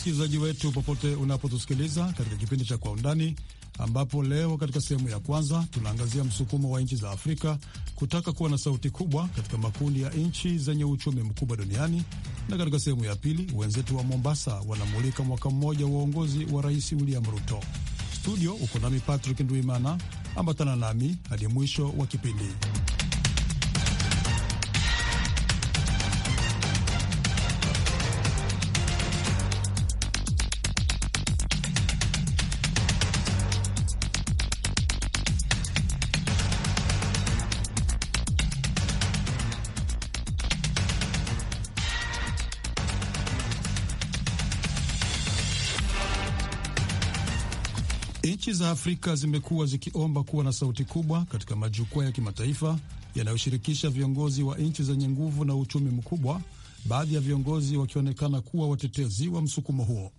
msikilizaji wetu popote unapotusikiliza katika kipindi cha Kwa Undani, ambapo leo katika sehemu ya kwanza tunaangazia msukumo wa nchi za Afrika kutaka kuwa na sauti kubwa katika makundi ya nchi zenye uchumi mkubwa duniani, na katika sehemu ya pili wenzetu wa Mombasa wanamulika mwaka mmoja wa uongozi wa Rais William Ruto. Studio uko nami Patrick Ndwimana, ambatana nami hadi mwisho wa kipindi. nchi za Afrika zimekuwa zikiomba kuwa na sauti kubwa katika majukwaa ya kimataifa yanayoshirikisha viongozi wa nchi zenye nguvu na uchumi mkubwa, baadhi ya viongozi wakionekana kuwa watetezi wa msukumo huo.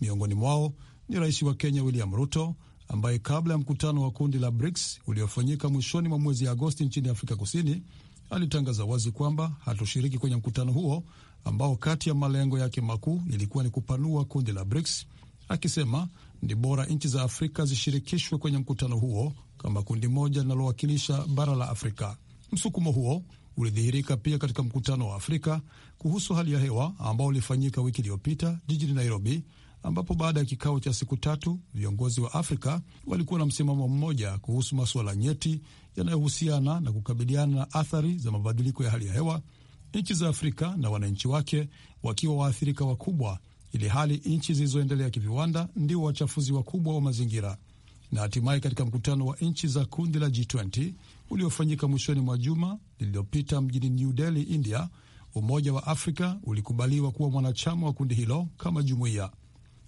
Miongoni mwao ni rais wa Kenya William Ruto ambaye kabla ya mkutano wa kundi la BRICS uliofanyika mwishoni mwa mwezi Agosti nchini Afrika Kusini alitangaza wazi kwamba hatoshiriki kwenye mkutano huo ambao kati ya malengo yake makuu ilikuwa ni kupanua kundi la BRICS akisema ni bora nchi za Afrika zishirikishwe kwenye mkutano huo kama kundi moja linalowakilisha bara la Afrika. Msukumo huo ulidhihirika pia katika mkutano wa Afrika kuhusu hali ya hewa ambao ulifanyika wiki iliyopita jijini Nairobi, ambapo baada ya kikao cha siku tatu viongozi wa Afrika walikuwa na msimamo mmoja kuhusu masuala nyeti yanayohusiana na kukabiliana na athari za mabadiliko ya hali ya hewa, nchi za Afrika na wananchi wake wakiwa waathirika wakubwa ili hali nchi zilizoendelea kiviwanda ndio wachafuzi wakubwa wa mazingira. Na hatimaye katika mkutano wa nchi za kundi la G20 uliofanyika mwishoni mwa juma lililopita mjini New Delhi, India, Umoja wa Afrika ulikubaliwa kuwa mwanachama wa kundi hilo kama jumuiya.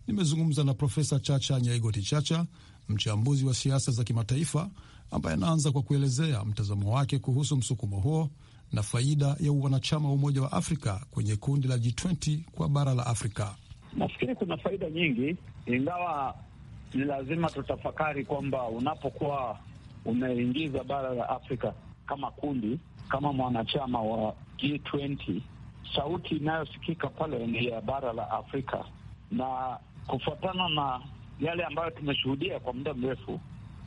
Nimezungumza na Profesa Chacha Nyaigoti Chacha, mchambuzi wa siasa za kimataifa, ambaye anaanza kwa kuelezea mtazamo wake kuhusu msukumo huo na faida ya uwanachama wa Umoja wa Afrika kwenye kundi la G20 kwa bara la Afrika. Nafikiri kuna faida nyingi, ingawa ni lazima tutafakari kwamba unapokuwa umeingiza bara la Afrika kama kundi, kama mwanachama wa G20, sauti inayosikika pale ni ya bara la Afrika, na kufuatana na yale ambayo tumeshuhudia kwa muda mrefu,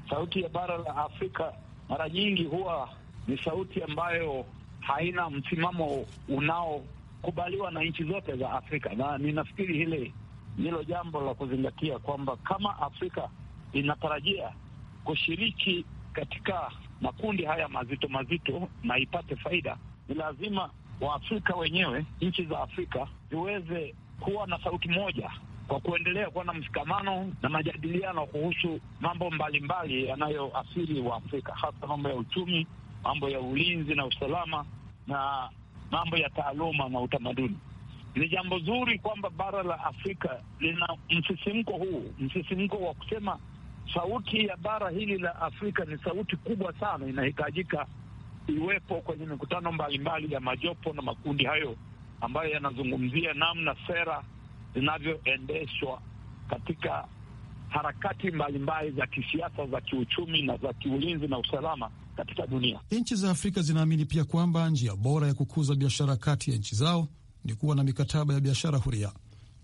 sauti ya bara la Afrika mara nyingi huwa ni sauti ambayo haina msimamo unao kubaliwa na nchi zote za Afrika, na ninafikiri hili ndilo jambo la kuzingatia kwamba kama Afrika inatarajia kushiriki katika makundi haya mazito mazito na ipate faida, ni lazima Waafrika wenyewe, nchi za Afrika ziweze kuwa na sauti moja kwa kuendelea kuwa na mshikamano na majadiliano kuhusu mambo mbalimbali yanayoathiri Waafrika, hasa mambo ya uchumi, mambo ya ulinzi na usalama na mambo ya taaluma na utamaduni. Ni jambo zuri kwamba bara la Afrika lina msisimko huu, msisimko wa kusema sauti ya bara hili la Afrika ni sauti kubwa sana, inahitajika iwepo kwenye mikutano mbalimbali ya majopo na makundi hayo ambayo yanazungumzia namna sera zinavyoendeshwa katika harakati mbalimbali za kisiasa, za kiuchumi na za kiulinzi na usalama katika dunia. Nchi za Afrika zinaamini pia kwamba njia bora ya kukuza biashara kati ya nchi zao ni kuwa na mikataba ya biashara huria.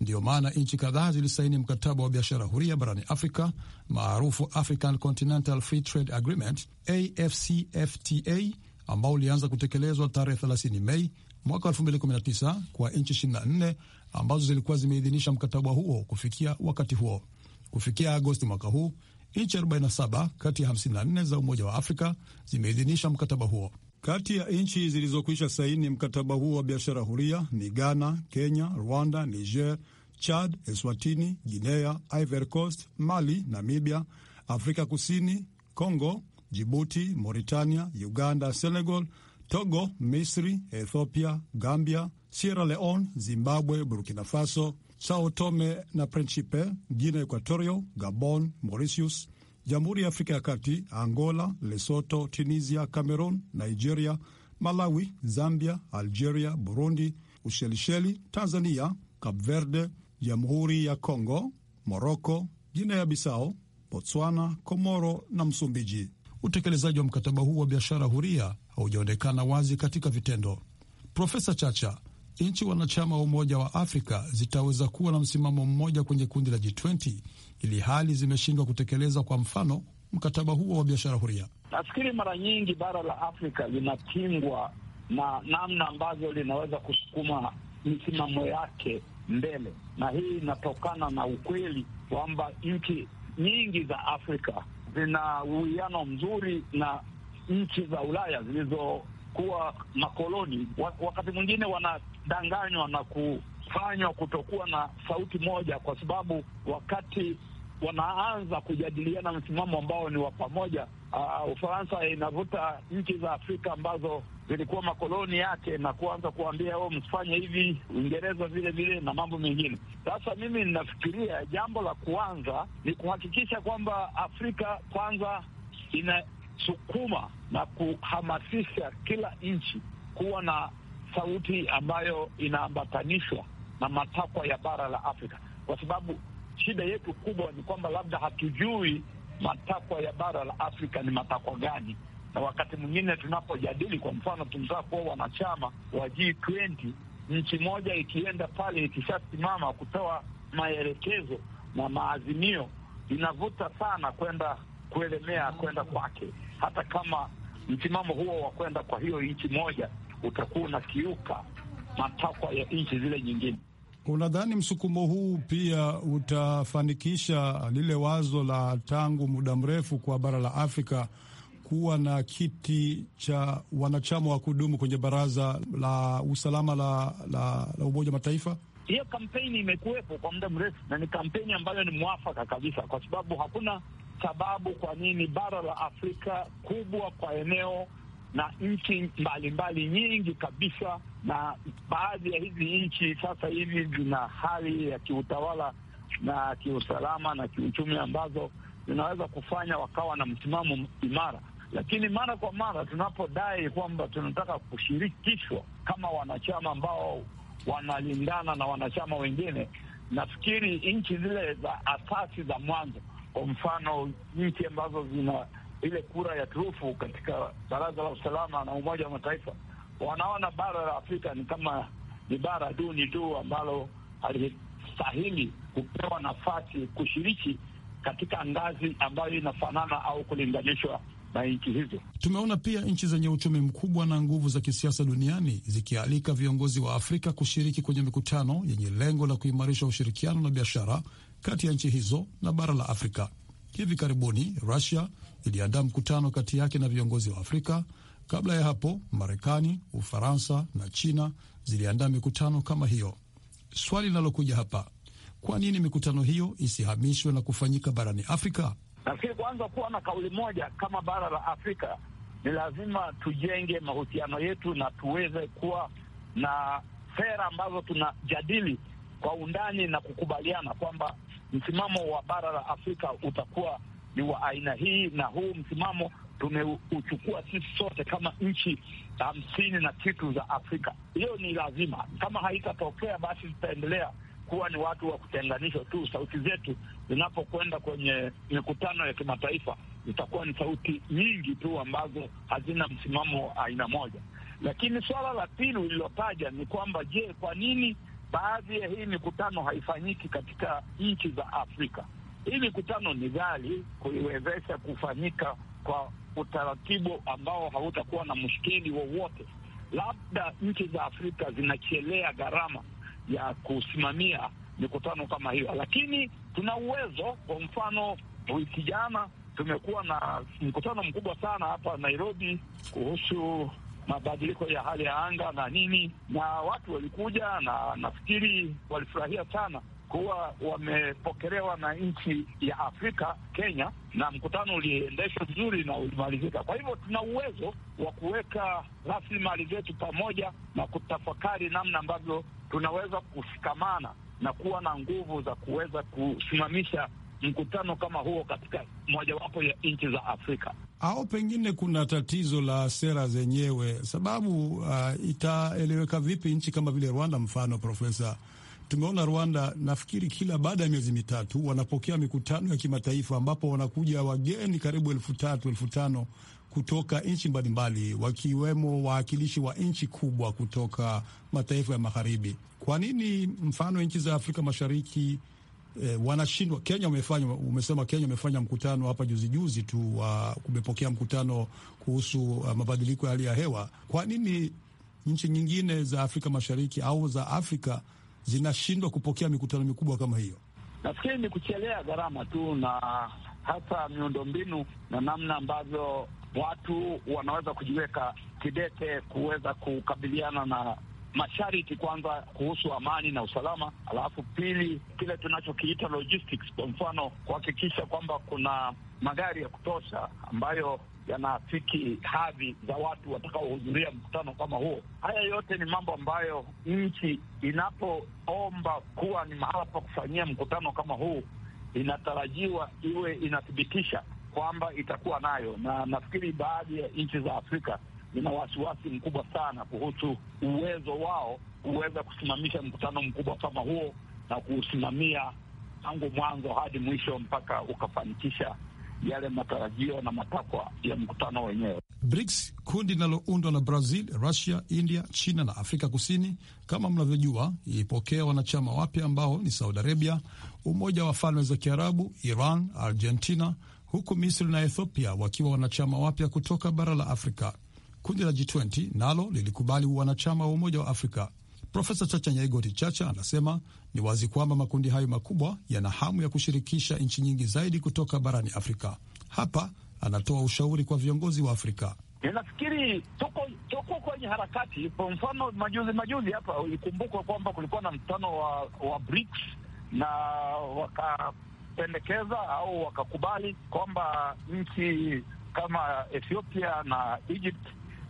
Ndiyo maana nchi kadhaa zilisaini mkataba wa biashara huria barani Afrika maarufu African Continental Free Trade Agreement AfCFTA, ambao ulianza kutekelezwa tarehe 30 Mei mwaka 2019 kwa nchi 24 ambazo zilikuwa zimeidhinisha mkataba huo kufikia wakati huo. Kufikia Agosti mwaka huu Nchi 47 kati ya 54 za Umoja wa Afrika zimeidhinisha mkataba huo. Kati ya nchi zilizokwisha saini mkataba huo wa biashara huria ni Ghana, Kenya, Rwanda, Niger, Chad, Eswatini, Guinea, Ivory Coast, Mali, Namibia, Afrika Kusini, Congo, Jibuti, Mauritania, Uganda, Senegal, Togo, Misri, Ethiopia, Gambia, Sierra Leone, Zimbabwe, Burkina Faso, Sao Tome na Principe, Guinea Equatorio, Gabon, Mauritius, Jamhuri ya Afrika ya Kati, Angola, Lesotho, Tunisia, Cameroon, Nigeria, Malawi, Zambia, Algeria, Burundi, Ushelisheli, Tanzania, Cape Verde, Jamhuri ya Kongo, Morocco, Guinea Bissau, Botswana, Komoro na Msumbiji. Utekelezaji wa mkataba huu wa biashara huria haujaonekana wazi katika vitendo. Profesa Chacha nchi wanachama wa Umoja wa Afrika zitaweza kuwa na msimamo mmoja kwenye kundi la G20 ili hali zimeshindwa kutekeleza, kwa mfano mkataba huo wa biashara huria. Nafikiri mara nyingi bara la Afrika linapingwa na namna ambavyo linaweza kusukuma misimamo yake mbele, na hii inatokana na ukweli kwamba nchi nyingi za Afrika zina uwiano mzuri na nchi za Ulaya zilizokuwa makoloni. Wakati mwingine wana kudanganywa na kufanywa kutokuwa na sauti moja, kwa sababu wakati wanaanza kujadiliana msimamo ambao ni wa pamoja, uh, Ufaransa inavuta nchi za Afrika ambazo zilikuwa makoloni yake na kuanza kuambia o, oh, msifanye hivi, Uingereza vile vile na mambo mengine. Sasa mimi ninafikiria jambo la kwanza ni kuhakikisha kwamba Afrika kwanza inasukuma na kuhamasisha kila nchi kuwa na sauti ambayo inaambatanishwa na matakwa ya bara la Afrika, kwa sababu shida yetu kubwa ni kwamba labda hatujui matakwa ya bara la Afrika ni matakwa gani, na wakati mwingine tunapojadili, kwa mfano, tunataka kuwa wanachama wa G20, nchi moja ikienda pale ikishasimama kutoa maelekezo na maazimio inavuta sana kwenda kuelemea kwenda kwake, hata kama msimamo huo wa kwenda kwa hiyo nchi moja utakuwa unakiuka matakwa ya nchi zile nyingine. Unadhani msukumo huu pia utafanikisha lile wazo la tangu muda mrefu kwa bara la Afrika kuwa na kiti cha wanachama wa kudumu kwenye baraza la usalama la, la, la Umoja wa Mataifa? Hiyo kampeni imekuwepo kwa muda mrefu na ni kampeni ambayo ni mwafaka kabisa, kwa sababu hakuna sababu kwa nini bara la Afrika kubwa kwa eneo na nchi mbalimbali nyingi kabisa, na baadhi ya hizi nchi sasa hivi zina hali ya kiutawala na kiusalama na kiuchumi ambazo zinaweza kufanya wakawa na msimamo imara. Lakini mara kwa mara tunapodai kwamba tunataka kushirikishwa kama wanachama ambao wanalindana na wanachama wengine, nafikiri nchi zile za asasi za mwanzo, kwa mfano nchi ambazo zina ile kura ya turufu katika baraza la usalama na Umoja wa Mataifa, wanaona bara la Afrika ni kama ni bara duni tu ambalo halistahili kupewa nafasi kushiriki katika ngazi ambayo inafanana au kulinganishwa na nchi hizo. Tumeona pia nchi zenye uchumi mkubwa na nguvu za kisiasa duniani zikialika viongozi wa Afrika kushiriki kwenye mikutano yenye lengo la kuimarisha ushirikiano na biashara kati ya nchi hizo na bara la Afrika. Hivi karibuni Rusia iliandaa mkutano kati yake na viongozi wa Afrika. Kabla ya hapo, Marekani, Ufaransa na China ziliandaa mikutano kama hiyo. Swali linalokuja hapa, kwa nini mikutano hiyo isihamishwe na kufanyika barani Afrika? Nafikiri kwanza kuwa na kauli moja kama bara la Afrika, ni lazima tujenge mahusiano yetu na tuweze kuwa na sera ambazo tunajadili kwa undani na kukubaliana kwamba msimamo wa bara la Afrika utakuwa ni wa aina hii, na huu msimamo tumeuchukua sisi sote kama nchi hamsini na kitu za Afrika. Hiyo ni lazima, kama haitatokea basi tutaendelea kuwa ni watu wa kutenganishwa tu. Sauti zetu zinapokwenda kwenye mikutano ya kimataifa zitakuwa ni sauti nyingi tu ambazo hazina msimamo wa aina moja. Lakini suala la pili ulilotaja ni kwamba, je, kwa nini baadhi ya hii mikutano haifanyiki katika nchi za Afrika. Hii mikutano ni ghali kuiwezesha kufanyika kwa utaratibu ambao hautakuwa na mshkili wowote. Labda nchi za Afrika zinachelea gharama ya kusimamia mikutano kama hiyo, lakini tuna uwezo. Kwa mfano, wiki jana tumekuwa na mkutano mkubwa sana hapa Nairobi kuhusu mabadiliko ya hali ya anga na nini, na watu walikuja na nafikiri walifurahia sana kuwa wamepokelewa na nchi ya Afrika Kenya, na mkutano uliendeshwa vizuri na ulimalizika. Kwa hivyo tuna uwezo wa kuweka rasilimali zetu pamoja na kutafakari namna ambavyo tunaweza kushikamana na kuwa na nguvu za kuweza kusimamisha mkutano kama huo katika mojawapo ya nchi za Afrika au pengine kuna tatizo la sera zenyewe, sababu uh, itaeleweka vipi nchi kama vile Rwanda? Mfano Profesa, tumeona Rwanda nafikiri kila baada ya miezi mitatu wanapokea mikutano ya kimataifa ambapo wanakuja wageni karibu elfu tatu elfu tano kutoka nchi mbalimbali wakiwemo waakilishi wa nchi kubwa kutoka mataifa ya magharibi. Kwa nini mfano nchi za Afrika Mashariki eh, wanashindwa. Kenya umefanya umesema Kenya umefanya mkutano hapa juzi juzi tu wa uh, kumepokea mkutano kuhusu uh, mabadiliko ya hali ya hewa. Kwa nini nchi nyingine za Afrika Mashariki au za Afrika zinashindwa kupokea mikutano mikubwa kama hiyo? Nafikiri ni kuchelea gharama tu, na hasa miundombinu na namna ambavyo watu wanaweza kujiweka kidete kuweza kukabiliana na masharti kwanza kuhusu amani na usalama, alafu pili kile tunachokiita logistics, kwa mfano kuhakikisha kwamba kuna magari ya kutosha ambayo yanafiki hadhi za watu watakaohudhuria mkutano kama huo. Haya yote ni mambo ambayo nchi inapoomba kuwa ni mahala pa kufanyia mkutano kama huu inatarajiwa iwe inathibitisha kwamba itakuwa nayo, na nafikiri baadhi ya nchi za Afrika nina wasiwasi mkubwa sana kuhusu uwezo wao kuweza kusimamisha mkutano mkubwa kama huo na kuusimamia tangu mwanzo hadi mwisho mpaka ukafanikisha yale matarajio na matakwa ya mkutano wenyewe. BRICS, kundi linaloundwa na Brazil, Russia, India, China na Afrika Kusini, kama mnavyojua, ilipokea wanachama wapya ambao ni Saudi Arabia, Umoja wa Falme za Kiarabu, Iran, Argentina, huku Misri na Ethiopia wakiwa wanachama wapya kutoka bara la Afrika. Kundi la G20 nalo lilikubali wanachama wa Umoja wa Afrika. Profesa Chacha Nyaigoti Chacha anasema ni wazi kwamba makundi hayo makubwa yana hamu ya kushirikisha nchi nyingi zaidi kutoka barani Afrika. Hapa anatoa ushauri kwa viongozi wa Afrika. Ninafikiri tuko tuko kwenye harakati. Kwa mfano, majuzi majuzi hapa ikumbukwe kwamba kulikuwa na mkutano wa, wa BRICS na wakapendekeza au wakakubali kwamba nchi kama Ethiopia na Egypt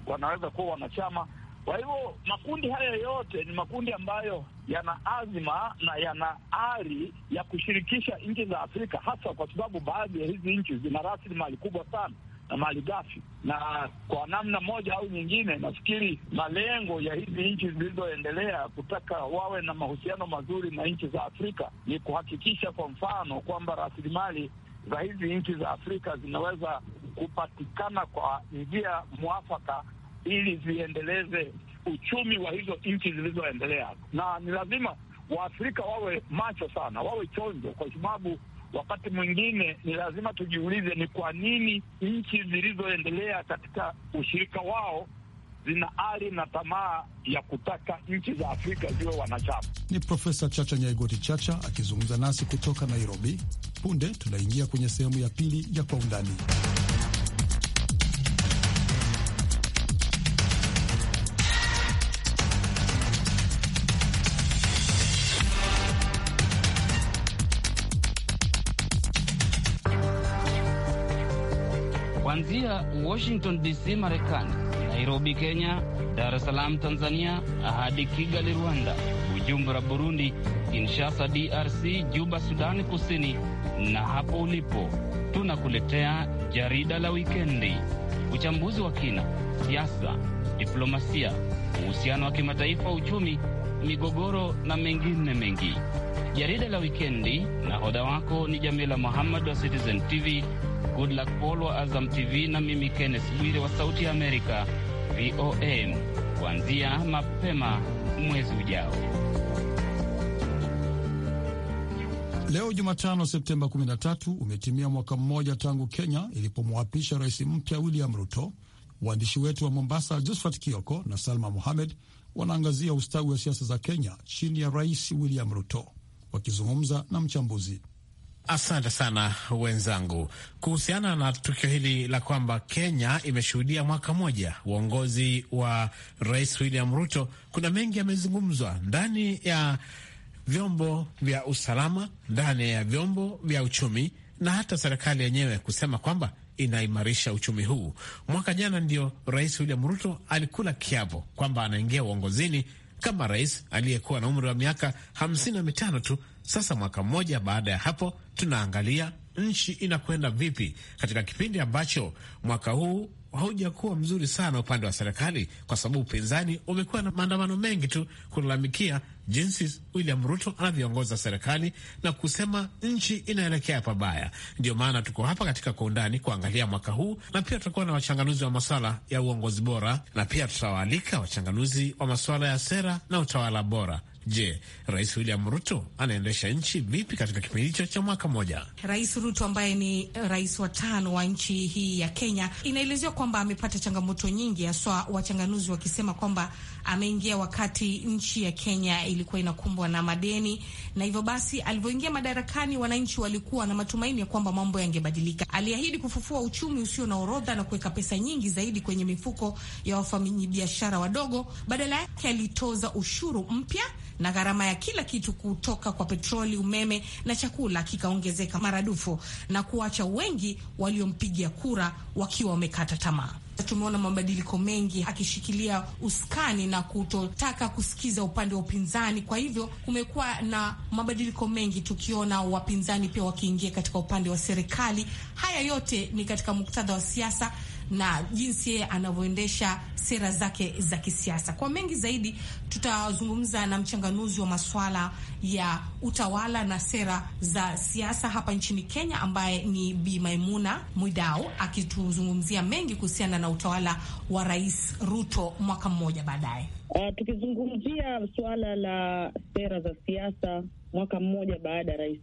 wanaweza kuwa wanachama. Kwa hivyo makundi haya yote ni makundi ambayo yana azma na yana ari ya kushirikisha nchi za Afrika, hasa kwa sababu baadhi ya hizi nchi zina rasilimali kubwa sana na mali ghafi, na kwa namna moja au nyingine, nafikiri malengo ya hizi nchi zilizoendelea kutaka wawe na mahusiano mazuri na nchi za Afrika ni kuhakikisha, kwa mfano, kwamba rasilimali za hizi nchi za Afrika zinaweza kupatikana kwa njia mwafaka ili ziendeleze uchumi wa hizo nchi zilizoendelea, na ni lazima Waafrika wawe macho sana, wawe chonjo, kwa sababu wakati mwingine ni lazima tujiulize ni kwa nini nchi zilizoendelea katika ushirika wao zina ari na tamaa ya kutaka nchi za Afrika ziwe wanachama. Ni Profesa Chacha Nyaigoti Chacha akizungumza nasi kutoka Nairobi. Punde tunaingia kwenye sehemu ya pili ya Kwa Undani. kuanzia Washington DC, Marekani, Nairobi, Kenya, Dar es Salaam, Tanzania, hadi Kigali, Rwanda, Bujumbura, Burundi, Kinshasa, DRC, Juba, Sudani Kusini, na hapo ulipo tunakuletea jarida la wikendi, uchambuzi wa kina, siasa, diplomasia, uhusiano wa kimataifa, uchumi, migogoro na mengine mengi. Jarida la wikendi, nahodha wako ni Jamila Muhammad wa Citizen TV Goodluck Paul wa Azam TV na mimi Kenneth Bwire wa Sauti ya Amerika VOA kuanzia mapema mwezi ujao. Leo Jumatano Septemba 13 umetimia mwaka mmoja tangu Kenya ilipomwapisha rais mpya William Ruto. Waandishi wetu wa Mombasa Josephat Kioko na Salma Mohamed wanaangazia ustawi wa siasa za Kenya chini ya Rais William Ruto wakizungumza na mchambuzi Asante sana wenzangu. Kuhusiana na tukio hili la kwamba Kenya imeshuhudia mwaka mmoja uongozi wa Rais William Ruto, kuna mengi yamezungumzwa ndani ya vyombo vya usalama, ndani ya vyombo vya uchumi na hata serikali yenyewe kusema kwamba inaimarisha uchumi huu. Mwaka jana ndio Rais William Ruto alikula kiapo kwamba anaingia uongozini kama rais aliyekuwa na umri wa miaka hamsini na mitano tu, sasa mwaka mmoja baada ya hapo tunaangalia nchi inakwenda vipi katika kipindi ambacho mwaka huu haujakuwa mzuri sana upande wa serikali, kwa sababu upinzani umekuwa na maandamano mengi tu kulalamikia jinsi William Ruto anavyoongoza serikali na kusema nchi inaelekea pabaya. Ndio maana tuko hapa katika Kwa Undani kuangalia mwaka huu, na pia tutakuwa na wachanganuzi wa maswala ya uongozi bora, na pia tutawaalika wachanganuzi wa masuala ya sera na utawala bora. Je, Rais William Ruto anaendesha nchi vipi katika kipindi hicho cha mwaka mmoja? Rais Ruto ambaye ni eh, rais wa tano wa nchi hii ya Kenya, inaelezewa kwamba amepata changamoto nyingi, haswa wachanganuzi wakisema kwamba ameingia wakati nchi ya Kenya ilikuwa inakumbwa na madeni, na hivyo basi alivyoingia madarakani, wananchi walikuwa na matumaini ya kwamba mambo yangebadilika. Aliahidi kufufua uchumi usio na orodha na kuweka pesa nyingi zaidi kwenye mifuko ya wafanyabiashara wadogo. Badala yake alitoza ushuru mpya na gharama ya kila kitu kutoka kwa petroli, umeme na chakula kikaongezeka maradufu na kuacha wengi waliompigia kura wakiwa wamekata tamaa. Tumeona mabadiliko mengi akishikilia uskani na kutotaka kusikiza upande wa upinzani. Kwa hivyo kumekuwa na mabadiliko mengi, tukiona wapinzani pia wakiingia katika upande wa serikali. Haya yote ni katika muktadha wa siasa na jinsi yeye anavyoendesha sera zake za kisiasa. Kwa mengi zaidi, tutazungumza na mchanganuzi wa masuala ya utawala na sera za siasa hapa nchini Kenya, ambaye ni Bi Maimuna Mwidau, akituzungumzia mengi kuhusiana na utawala wa Rais Ruto mwaka mmoja baadaye. Uh, tukizungumzia suala la sera za siasa mwaka mmoja baada ya Rais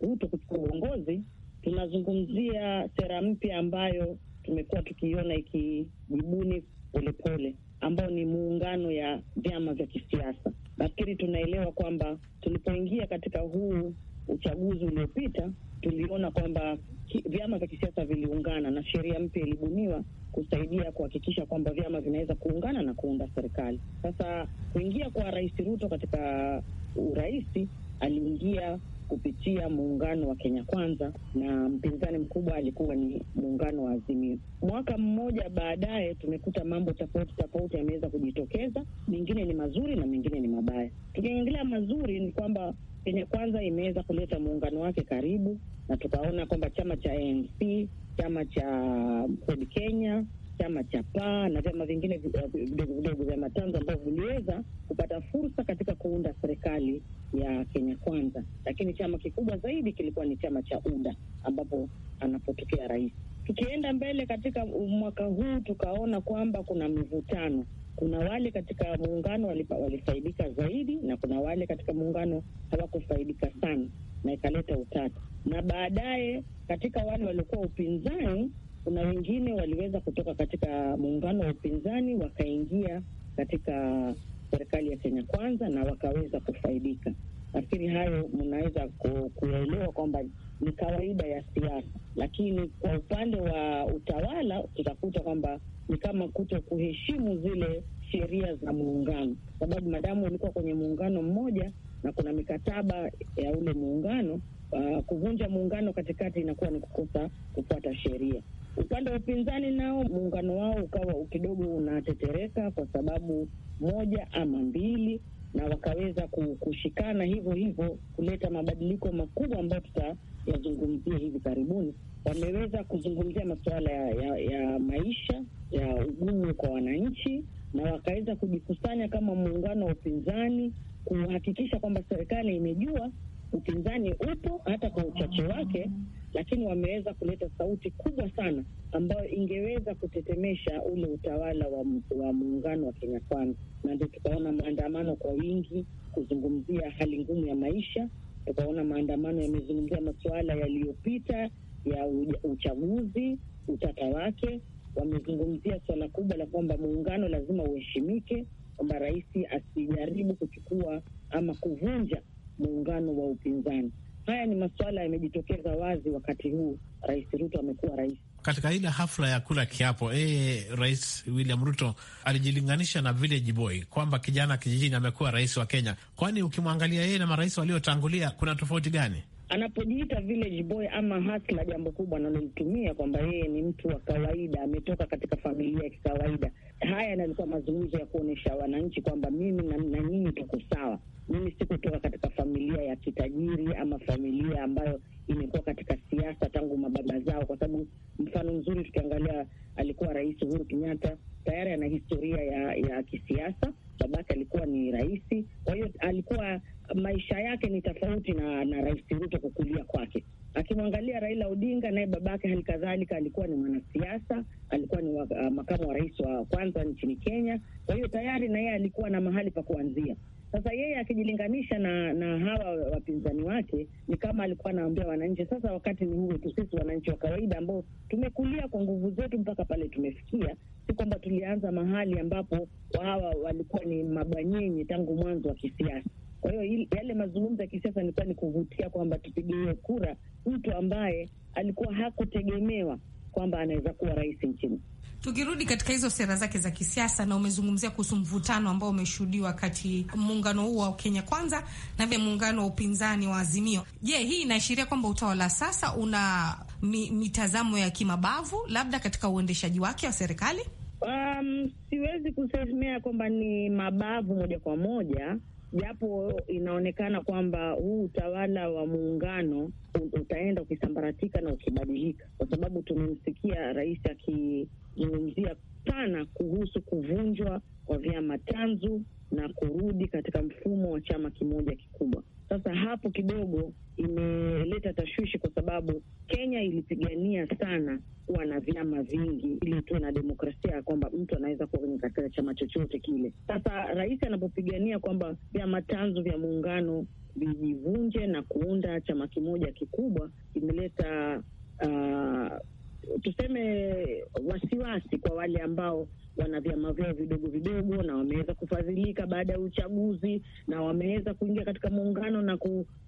Ruto kuchukua uongozi, tunazungumzia sera mpya ambayo tumekuwa tukiona ikijibuni polepole, ambao ni muungano ya vyama vya kisiasa. Nafikiri tunaelewa kwamba tulipoingia katika huu uchaguzi uliopita, tuliona kwamba vyama vya kisiasa viliungana na sheria mpya ilibuniwa kusaidia kuhakikisha kwamba vyama vinaweza kuungana na kuunda serikali. Sasa kuingia kwa Rais Ruto katika urais, aliingia kupitia muungano wa Kenya Kwanza, na mpinzani mkubwa alikuwa ni muungano wa Azimio. Mwaka mmoja baadaye tumekuta mambo tofauti tofauti yameweza kujitokeza, mengine ni mazuri na mengine ni mabaya. Tukiangalia mazuri ni kwamba Kenya Kwanza imeweza kuleta muungano wake karibu, na tukaona kwamba chama cha ANC, chama cha Ford Kenya chama cha Paa na vyama vingine vidogo eh, vidogo vya matanzo ambavyo viliweza kupata fursa katika kuunda serikali ya Kenya Kwanza, lakini chama kikubwa zaidi kilikuwa ni chama cha UDA ambapo anapotokea rais. Tukienda mbele katika mwaka huu, tukaona kwamba kuna mivutano kuna wale katika muungano walifaidika zaidi na kuna wale katika muungano hawakufaidika sana, na ikaleta utata. Na baadaye katika wale waliokuwa upinzani kuna wengine waliweza kutoka katika muungano wa upinzani wakaingia katika serikali ya Kenya Kwanza na wakaweza kufaidika. Nafikiri hayo mnaweza kuelewa kwamba ni kawaida ya siasa, lakini kwa upande wa utawala tutakuta kwamba ni kama kuto kuheshimu zile sheria za muungano, sababu madamu ulikuwa kwenye muungano mmoja na kuna mikataba ya ule muungano. Uh, kuvunja muungano katikati inakuwa ni kukosa kufuata sheria. Upande wa upinzani nao muungano wao ukawa kidogo unatetereka kwa sababu moja ama mbili, na wakaweza kushikana hivyo hivyo kuleta mabadiliko makubwa ambayo tutayazungumzia hivi karibuni. Wameweza kuzungumzia masuala ya, ya, ya maisha ya ugumu kwa wananchi, na wakaweza kujikusanya kama muungano wa upinzani kuhakikisha kwamba serikali imejua Upinzani upo hata kwa uchache wake, lakini wameweza kuleta sauti kubwa sana ambayo ingeweza kutetemesha ule utawala wa, wa muungano wa Kenya Kwanza, na ndio tukaona maandamano kwa wingi kuzungumzia hali ngumu ya maisha. Tukaona maandamano yamezungumzia masuala yaliyopita ya uchaguzi, utata wake. Wamezungumzia suala kubwa la kwamba muungano lazima uheshimike, kwamba rais asijaribu kuchukua ama kuvunja muungano wa upinzani. Haya ni masuala yamejitokeza wazi wakati huu Rais Ruto amekuwa rais. Katika ile hafla ya kula kiapo yeye Rais William Ruto alijilinganisha na village boy kwamba kijana kijijini amekuwa rais wa Kenya. Kwani ukimwangalia yeye na marais waliotangulia kuna tofauti gani? Anapojiita village boy ama hasla, jambo kubwa analolitumia kwamba yeye ni mtu wa kawaida, ametoka katika familia ya kikawaida haya yalikuwa mazungumzo ya kuonyesha wananchi kwamba mimi na, na nyinyi tuko sawa. Mimi sikutoka katika familia ya kitajiri ama familia ambayo imekuwa katika siasa tangu mababa zao, kwa sababu mfano mzuri tukiangalia, alikuwa Rais Uhuru Kenyatta tayari ana historia ya, ya kisiasa babake alikuwa ni rais, kwa hiyo alikuwa maisha yake ni tofauti na, na Rais Ruto kukulia kwake. Akimwangalia Raila Odinga, naye babake hali kadhalika alikuwa ni mwanasiasa, alikuwa ni uh, makamu wa rais wa kwanza nchini Kenya. Kwa hiyo tayari na yeye alikuwa na mahali pa kuanzia. Sasa yeye akijilinganisha na na hawa wapinzani wake, ni kama alikuwa anaambia wananchi, sasa wakati ni huu tu, sisi wananchi wa kawaida ambao tumekulia kwa nguvu zetu mpaka pale tumefikia, si kwamba tulianza mahali ambapo hawa walikuwa ni mabwanyenye tangu mwanzo wa kisiasa. Kwa hiyo yale mazungumzo ya kisiasa yalikuwa ni kuvutia kwamba tupigie kura mtu ambaye alikuwa hakutegemewa kwamba anaweza kuwa rais nchini. Tukirudi katika hizo sera zake za kisiasa, na umezungumzia kuhusu mvutano ambao umeshuhudiwa kati muungano huu wa Kenya Kwanza na vile muungano wa upinzani wa Azimio. Je, hii inaashiria kwamba utawala sasa una mitazamo ya kimabavu labda katika uendeshaji wake wa serikali? Um, siwezi kusemea kwamba ni mabavu moja kwa moja, japo inaonekana kwamba huu utawala wa muungano utaenda ukisambaratika na ukibadilika, kwa sababu tumemsikia rais akizungumzia sana kuhusu kuvunjwa kwa vyama tanzu na kurudi katika mfumo wa chama kimoja kikubwa. Sasa hapo kidogo imeleta tashwishi, kwa sababu Kenya ilipigania sana kuwa na vyama vingi ili tuwe na demokrasia ya kwamba mtu anaweza kuwa kwenye katika chama chochote kile. Sasa rais anapopigania kwamba vyama tanzu vya muungano vijivunje na kuunda chama kimoja kikubwa, imeleta uh, tuseme wasiwasi kwa wale ambao wana vyama vyao vidogo vidogo na wameweza kufadhilika baada ya uchaguzi na wameweza kuingia katika muungano na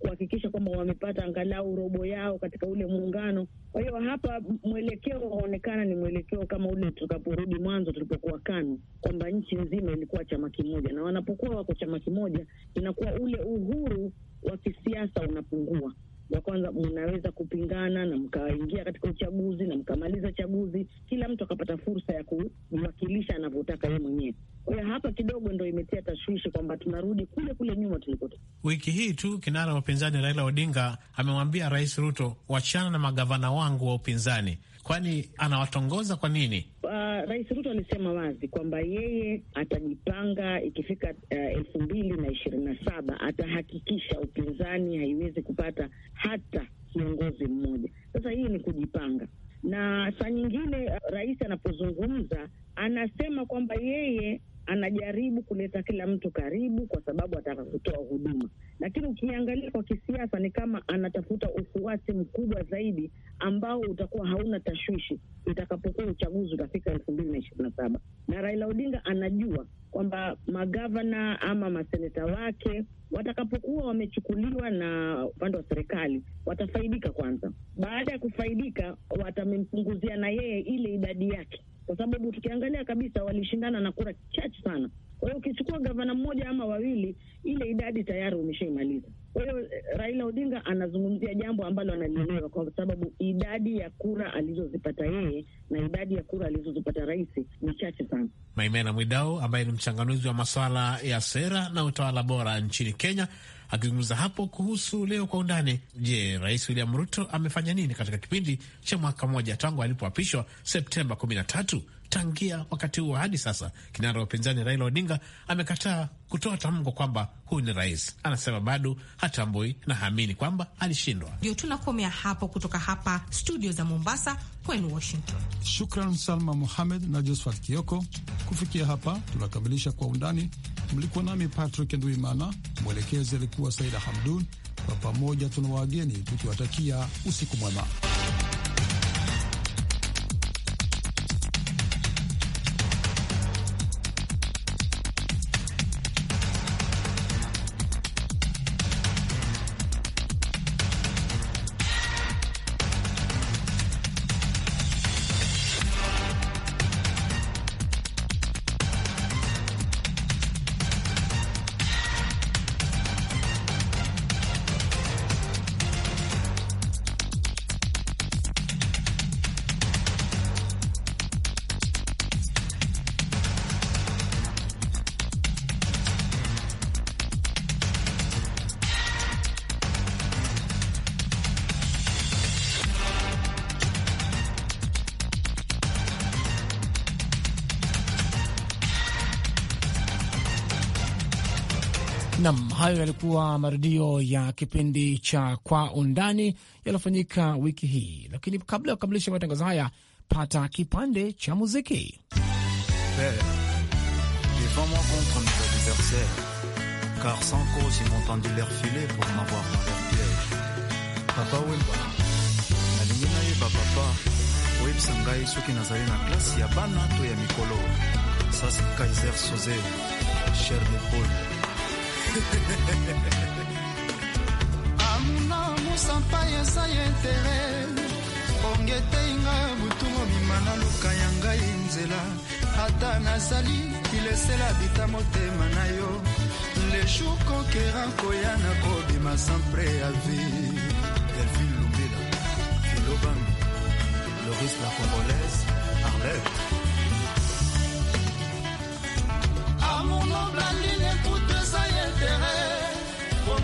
kuhakikisha kwamba wamepata angalau robo yao katika ule muungano. Kwa hiyo hapa mwelekeo unaonekana ni mwelekeo kama ule tutakaporudi mwanzo tulipokuwa KANU, kwamba nchi nzima ilikuwa chama kimoja, na wanapokuwa wako chama kimoja, inakuwa ule uhuru wa kisiasa unapungua ya kwanza mnaweza kupingana na mkaingia katika uchaguzi na mkamaliza chaguzi, kila mtu akapata fursa ya kumwakilisha anavyotaka yeye mwenyewe. Kwa hiyo hapa kidogo ndo imetia tashwishi kwamba tunarudi kule kule nyuma tulikotoka. Wiki hii tu kinara wa upinzani Raila Odinga amemwambia Rais Ruto, wachana na magavana wangu wa upinzani kwani anawatongoza kwa nini? Uh, Rais Ruto alisema wazi kwamba yeye atajipanga ikifika uh, elfu mbili na ishirini na saba atahakikisha upinzani haiwezi kupata hata kiongozi mmoja. Sasa hii ni kujipanga, na saa nyingine uh, rais anapozungumza anasema kwamba yeye anajaribu kuleta kila mtu karibu, kwa sababu ataka kutoa huduma. Lakini ukiangalia kwa kisiasa, ni kama anatafuta ufuasi mkubwa zaidi ambao utakuwa hauna tashwishi itakapokuwa uchaguzi utafika elfu mbili na ishirini na saba na Raila Odinga anajua kwamba magavana ama maseneta wake watakapokuwa wamechukuliwa na upande wa serikali watafaidika kwanza. Baada ya kufaidika, watamempunguzia na yeye ile idadi yake, kwa sababu tukiangalia kabisa walishindana na kura chache sana. Kwa hiyo ukichukua gavana mmoja ama wawili, ile idadi tayari umeshaimaliza. Kwa hiyo eh, Raila Odinga anazungumzia jambo ambalo analielewa, kwa sababu idadi ya kura alizozipata yeye na idadi ya kura alizozipata rais ni chache sana. Maimena Mwidau ambaye ni mchanganuzi wa masuala ya sera na utawala bora nchini Kenya akizungumza hapo kuhusu leo kwa undani. Je, Rais William Ruto amefanya nini katika kipindi cha mwaka mmoja tangu alipoapishwa Septemba kumi na tatu tangia wakati huo hadi sasa kinara wa upinzani Raila Odinga amekataa kutoa tamko kwamba huyu ni rais. Anasema bado hatambui na haamini kwamba alishindwa. Ndio tunakomea hapo, kutoka hapa studio za Mombasa kwenu Washington. Shukran Salma Muhamed na josfat Kioko. Kufikia hapa tunakamilisha Kwa Undani. Mlikuwa nami Patrick Nduimana, mwelekezi alikuwa Saida Hamdun. Kwa pamoja tuna wageni tukiwatakia usiku mwema. Hayo yalikuwa marudio ya kipindi cha Kwa Undani yaliyofanyika wiki hii, lakini kabla ya kukamilisha matangazo haya, pata kipande cha muziki oyebisa ngai soki nazali na klasi ya bana to ya mikolo sasa kaiser soze cher de paul amuna eza ya intere bonge etei ngai butu mobima naluka ya ngai nzela ata nazali kilesela bita motema na yo lesur kokera koya na kobima sampre ya vi delvin lumbila filoban loris la congolaise arlet amuno blandine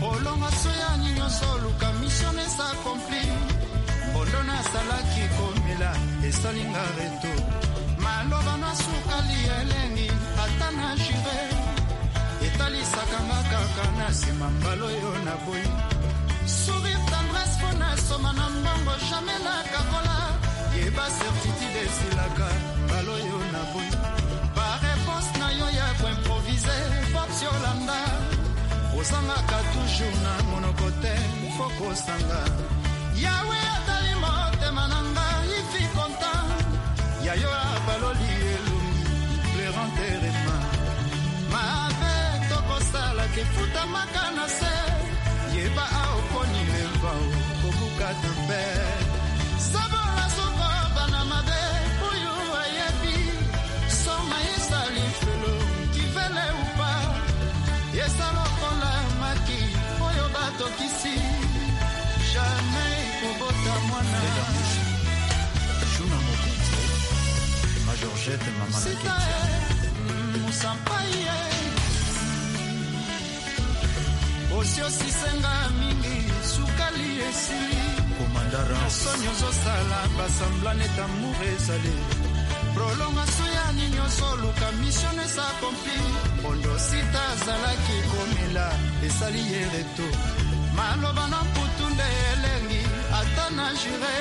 bolongaso yani nyonso luka misione esa kompli mbondo nasalaki komela esalinga reto maloba nasukali elengi ata na jure etalisaka nga kaka na nsima mbala oyo naboyi sourire tendresse mpo nasoma na mbongo jamai nakakola yeba certitude esilaka mbala oyo naboyi ozangaka toujours na monoko te fokosanga yawe atali motema na ngai kontan abaloli elumi, plerante pochette Maman osiosisenga mingi sukali esili komandaransoki ozosala basamblane tamour ezali prolongation ya nini ozoluka mission esa akompli pondo sita azalaki komela esali ye reto maloba na putu nde elengi ata na jure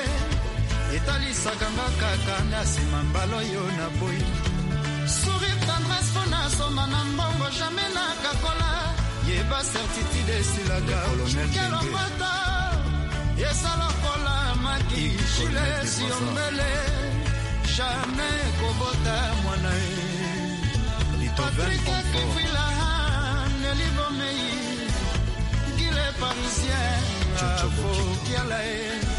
etalisaka nga kaka na nsima mbala oyo na boyi souri tendresse mpo na mbongo jamai nakakola yeba certitude esilaka esalokola jamai kobota mwana ye gile parisien afokiala ye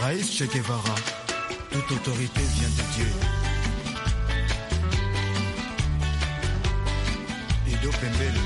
Raïs Che Guevara, toute autorité vient de Dieu. Ido Pembele.